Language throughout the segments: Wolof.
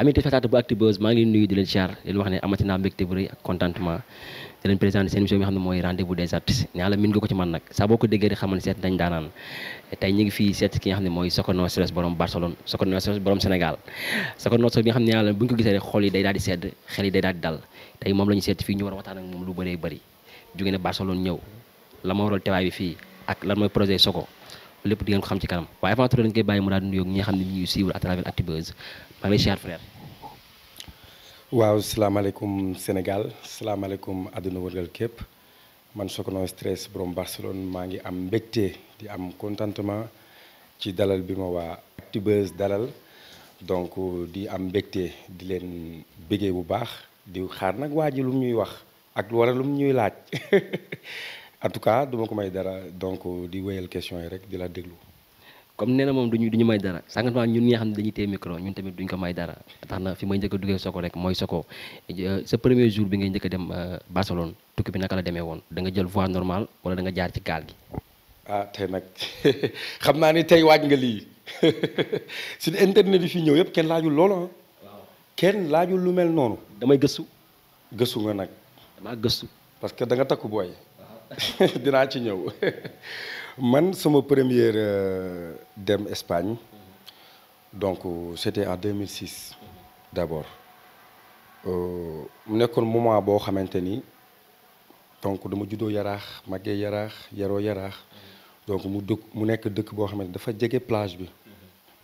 ami téléspectateur bu Actubuzz maa ngi nuyu di leen leen wax ne amati naa mbégte bu rëy contentement di leen seen émission bi mooy rendez-vous des artistes ñaa la nga ko ci man nag saa ko déggee di xamal seet nañ daanaan tey ñu fii seet ki nga xam ne mooy Sokono Stress borom Barcelone Stress borom Sénégal Sokono Stress bi nga xam ne ñaa la bu ñu ko gisee xol yi day daal sedd xel yi day daal dal tey moom la seet fii ñu war a ma maa ngi lay siyaar frère. waaw salaamaaleykum Sénégal salaamaaleykum àdduna wërgal képp man Sokono Stress borom Barcelone maa ngi am mbégte di am contentement ci dalal bi ma waa Actubuzz dalal donc di am mbégte di leen bëggee bu baax di xaar nag waa ji lu muy wax ak wala lu ñuy laaj en tout cas duma ko may dara donc di wéyal question yi rek di la déglu. comme nee moom duñu duñu may dara sànqat ñun ñi nga xam ne dañuy téye micro ñun tamit duñ ko may dara tax na fi may jëkk a duggee Soko rek mooy Soko euh, sa premier jour bi ngay njëkk a dem euh, Barcelone tukki bi naka la demee woon danga nga jël voie normale wala da nga jaar ci gaal gi ah tey nag xam naa ne tey waaj nga lii suñu internet yi fii ñëw yëpp kenn laajul loolu ah kenn laajul lu mel noonu damay gëstu gëstu nga nag damaa gëstu parce que da nga takku booy dinaa man sama première euh, dem Espagne donc c'était en 2006 euh, mu nekkoon moment boo xamante ni donc dama juddoo yaraax màggee yaraax yaroo yaraax donc mu dëkk mu nekk dëkk boo xamante dafa jege plage bi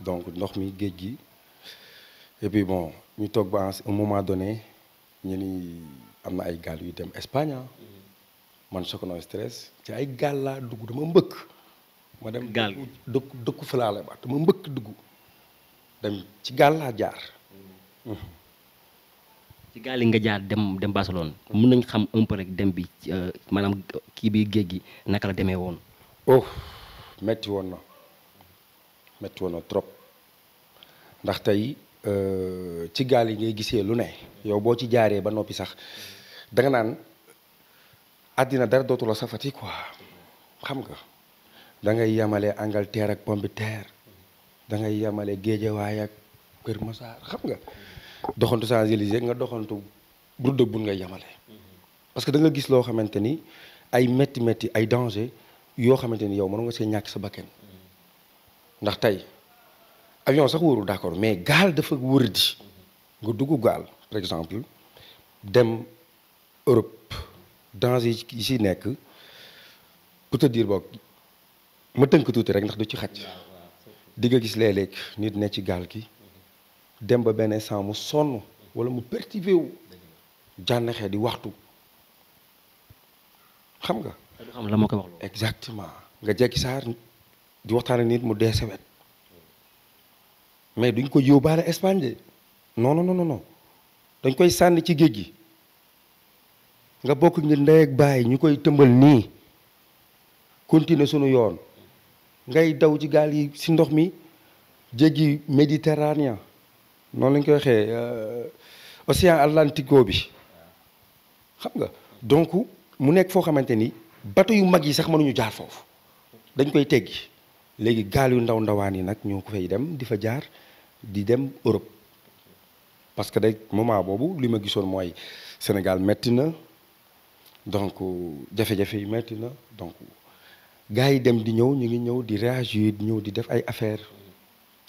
donc ndox mi géej gi et puis bon ñu toog ba un moment donné ñu ni am na ay gaal yu dem Espagne ah. man sokono stress ci ay gaal laa dugg dama mbëkk ma dem gaal gi dëkk dëkku falaale ba dama mbëkk dugg dem ci gaal laa jaar mm. ci gaal yi nga jaar dem dem Barcelone mun mm. nañ xam un rek dem bi euh, maanaam kii bi géej gi naka la demee woon oh metti woon na metti woon na trop ndax tey euh, ci gaal yi ngay gisee lu ne yow boo ci jaaree ba noppi sax danga naan àddina dara dootu la safati quoi xam nga da ngay yemale Angleterre ak pomme terre da ngay yemale Géejawaay ak Kër Masaar xam nga doxantu champs nga doxantu Brouette de ngay nga yemale. parce que da nga gis loo xamante ni ay métti métti ay danger yoo xamante ni yow mën nga see ñàkk sa bakken ndax tey avion sax wóorul d'accord mais gaal dafa wër di nga dugg gaal par exemple dem Europe. danger yi ci nekk pour te dire boog ma tënk tuuti rek ndax du ci xaj di nga gis léeg-léeg nit ne ci gaal gi dem ba benn instant mu sonn wala mu pertivé jànnaxee di waxtu xam nga. xam la ma koy exactement nga jekki saar di waxtaan ak nit mu dee sawet mais duñ ko yóbbaale Espagne de non non dañ koy sànni ci géej gi. nga bokk ñu ndey bàyyi ñu koy tëmbal nii continuer sunu yoon ngay daw ci gaal yi si ndox mi jéggi méditerranéen noonu lañ koy waxee euh, océan Atlantique bi xam nga donc mu nekk foo xamante ni bato yu mag yi sax mënuñu jaar foofu dañ koy teggi léegi gaal yu ndaw ndawaan yi nag ñoo ko fay dem di fa jaar di dem Europe parce que day moment boobu li ma gisoon mooy Sénégal metti na donc euh, jafe-jafe yi metti na donc gars yi dem di ñëw ñu ngi ñëw di réagir di ñëw di def ay affaire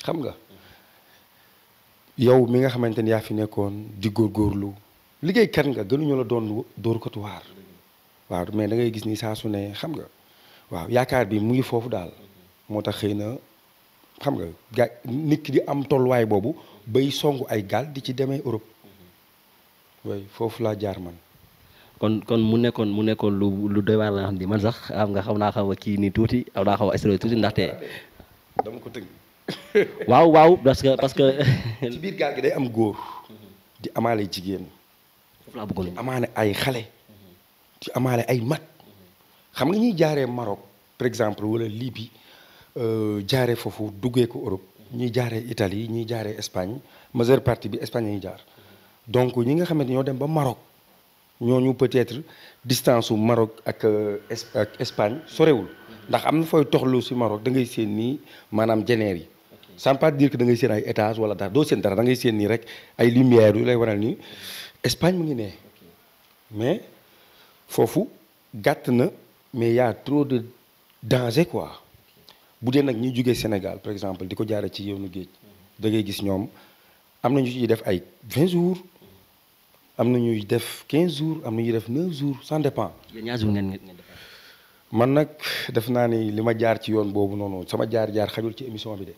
xam nga yow mi nga xamante ni yaa fi nekkoon di góorlu liggéey kan nga gënuñu la doon dóor ko tuwaar waaw mais da ngay gis ni saa su ne xam nga waaw yaakaar bi mu ngi foofu daal moo tax xëy na xam nga gaa nit ki di am tolluwaay boobu bay songu ay gaal di ci demee Europe way foofu laa jaar man kon kon mu nekkoon mu nekkoon lu lu doy waar la xam ni man sax am nga xaw naa xaw a kii nii tuuti xaw naa xaw a stéréo tuuti ndaxte. dama ko tënk. waaw waaw parce que parce que. biir gaal gi day am góor. di amaale jigéen. foofu laa bëggoon ay xale. di amaale ay mag. xam nga ñuy jaaree Maroc par exemple wala Libye euh, jaaree foofu duggee ko Europe. ñuy jaaree Italie ñuy jaaree Espagne majeure partie bi Espagne ñuy jaar. donc ñi nga xamante ñoo dem ba marok ñooñu peut-être distance su Maroc ak euh, ak Espagne sorewul ndax am na fooy toxlu si Maroc da ngay seen nii maanaam jeneer yi sans pas dire que da ngay seen ay étage wala dara doo seen dara da ngay seen nii rek ay lumière yu lay waral nii Espagne mu ngi nee mais foofu gàtt na mais y a trop de danger quoi bu dee nag ñuy jógee Sénégal par exemple di ko jaare ci yoonu géej mm-hmm. da ngay gis ñoom am na ñu ci def ay 20 jours am na ñuy def 15 jours am na ñuy def 9 jours ça dépend. man nag def naa ni li ma jaar ci yoon boobu noonu sama jaar-jaar xajul ci émission bi de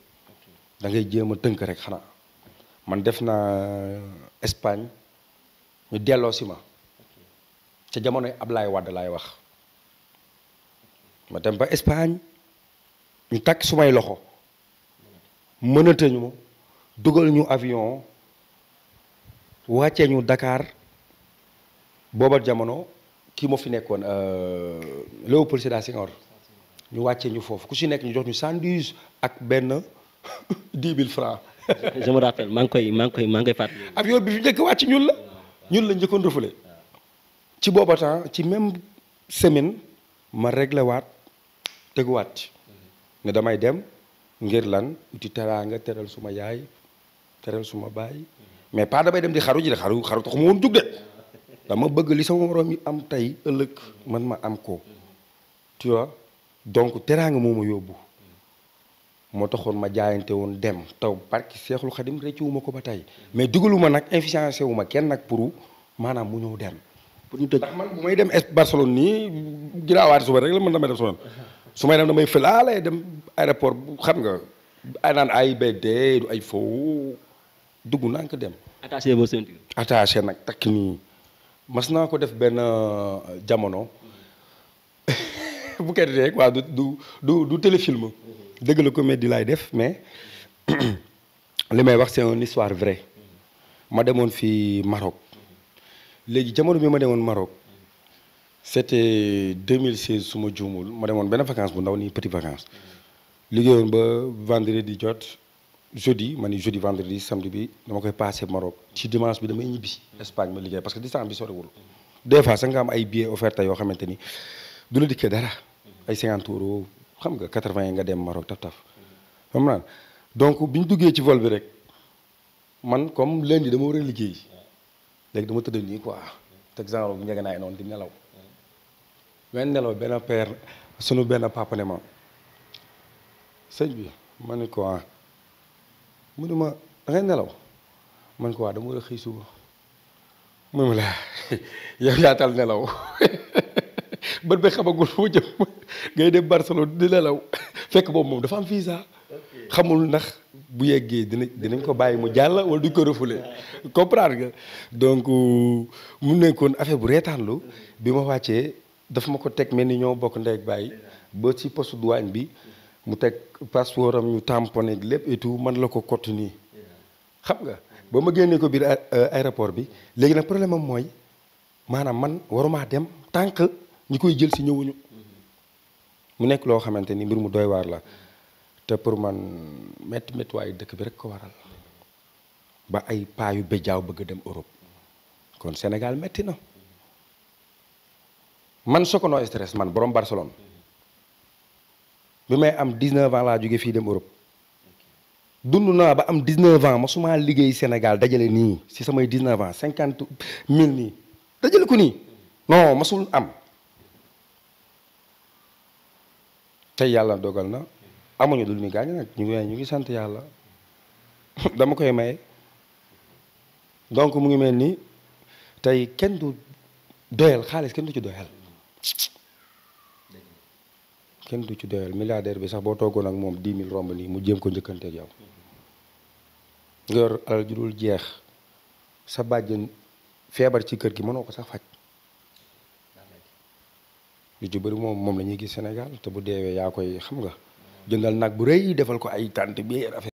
da ngay jéem a tënk rek xanaa man def naa Espagne ñu delloo si ma ca jamonoy Ablaye Wade laay wax ma dem ba Espagne ñu takk sumay loxo mënatañu ma dugal ñu avion. wàccee ñu Dakar booba jamono kii moo fi nekkoon euh, Léopold Sédar Senghor ñu wàccee ñu foofu ku si nekk ñu jox ñu sandwich ak benn dix mille francs je me rappelle koy maa ngi koy maa ngi koy fàttali. bi fi njëkk wàcc ñun la ñun la njëkkoon refoulé ci booba temps ci même semaine ma réglé waat teguwaat ne damay dem ngir lan uti teraanga teral suma yaay teral suma baay. mais pas damay dem di xaru ji de xaru xaru tax ma woon jug de dama bëgg li sama moroom yi am tey ëllëg man ma am ko tu donc teraanga moo ma yóbbu moo taxoon ma jaayante woon dem taw barki Seexul Xadim rëccuwuma ko ba tey mais dugaluma nag influencé wu kenn nag pour maanaam mu ñëw dem. pour ñu tëj ndax man bu may dem Barcelone nii giraawaati suba rek la mën damay dem su may dem damay fëlaale dem aéroport xam nga ay naan ay BD du ay foofu. dugg naa ko dem. attaché ba ceinture. attaché nag takk nii mas naa ko def benn euh, jamono bu kay rek quoi du du du téléfilm. dëgg la comédie laay def mais li may wax c'est une histoire vraie. ma demoon fi Maroc léegi jamono bi ma demoon Maroc c'était 2016 su ma juumul ma demoon benn vacance bu ndaw nii petit vacance liggéeyoon ba vendredi jot. jeudi ma ni jeudi vendredi samedi bi dama koy passé Maroc ci dimanche bi damay ñibbi Espagne ma liggéey parce que distance bi soriwul des fois ay billets offerts yoo xamante ni du la dikkee dara ay 50 euros xam nga 80 nga dem Maroc taf taf donc bi ñu duggee ci vol bi rek man comme lundi dama war a liggéey léegi dama tëdd nii quoi te genre bu njëgën naay noonu di nelaw benn nelaw benn père sunu benn papa ne ma sëñ ma ne ko ah, mu ne ma nelaw man ko waa dama war a xëy suba mu ne fekk boobu moom dafa am visa xamul ndax bu yeggee dina dinañ ko bàyyi mu jàll wala duñ ko refoulé comprendre donc euh, mu nekkoon affaire bu reetaanlu mm-hmm. bi ma wàccee daf ma ko teg mel ni ñoo bokk ndey ak bàyyi ba ci poste douane bi mm-hmm. mu teg passeport am ñu tamponné lépp et man la ko kott nii xam nga ba ma génnee ko biir euh, aéroport bi léegi nag problème am mooy maanaam man waruma dem tànk ñu koy jël si ñëwuñu mu nekk loo xamante ni mbir mu doy waar la te pour man métti métti waayu dëkk bi rek ko waral ba ay paa yu béjaaw bëgg a dem Europe kon Sénégal metti na man Sokono stress man borom Barcelone. bi may am 19 ans laa jóge fii dem Europe dund naa ba am 19 ans masumaa liggéey Sénégal dajale nii si samay 19 ans 50 mille nii dajale ko nii non masul am tey yàlla dogal na amuñu lu ñu gaañ nag ñu ngi sant yàlla dama koy may donc mu ngi mel ni tey kenn du doyal xaalis kenn du ci doyal. kenn du ci doyal milliardaire bi sax boo toogoon ak moom 10 000 romb nii mu jéem ko njëkkanteeg yow nga yor alal ju dul jeex sa bàjjen feebar ci kër gi mënoo ko sax faj lu ci bëri moom moom la gis Sénégal te bu deewee yaa koy xam nga jëndal nag bu rëy defal ko ay tànt bi affaire